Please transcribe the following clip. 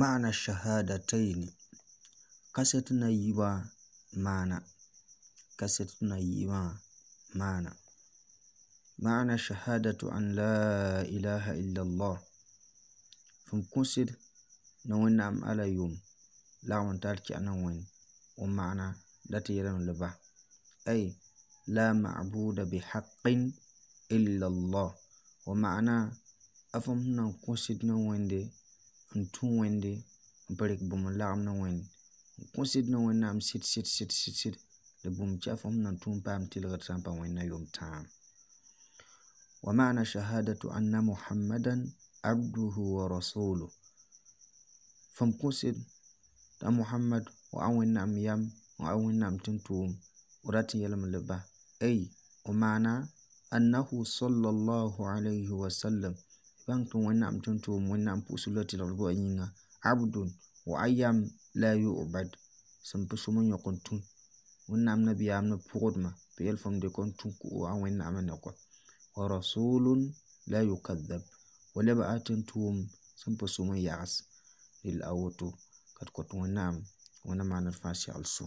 ma'ana shahadatain kasa tana yi wa ma'ana kasa yi wa ma'ana ma'ana shahadatu an la ilaha illallah fun kusir na wannan am'ala yau lamun tarki anan wani wa ma'ana da ta yi ran liba ai la ma'abuda bi haƙƙin illallah wa ma'ana afin nan kusir na n tum wẽnde n pa rɩk bũmb n lagem ne wẽnd n kõ sɩd ne wẽnnaam sɩd sɩd sɩd sɩd sɩd la bũmb kia fo m na n tũum paam tɩlgd sã n pa wẽnna yʋmtãam wa maana shahadatu anna muhammadan abduhu wa rasulu fõm kõ sɩd t'a muhammad wa a wẽnnaam yam wa a wẽnnaam tɩ n tʋʋm f ra tɩ yɛlem le ba ey O maana annahu sallallahu alayhi wa sallam tun wannan mtuntu wannan fusulati la rubo yinga abdun wa ayyam la yu'bad sẽn pʋ sʋm n yõk n tũ wẽnnaam nabiyaam ne pʋgdmã tɩ yɛl fõm tun ku an a na n ko wa rasulun la yukadzab wa la ba'atun tum sun fi su mun n yags rɩl a woto ka d kõt wẽnnaam wẽna fashi alsu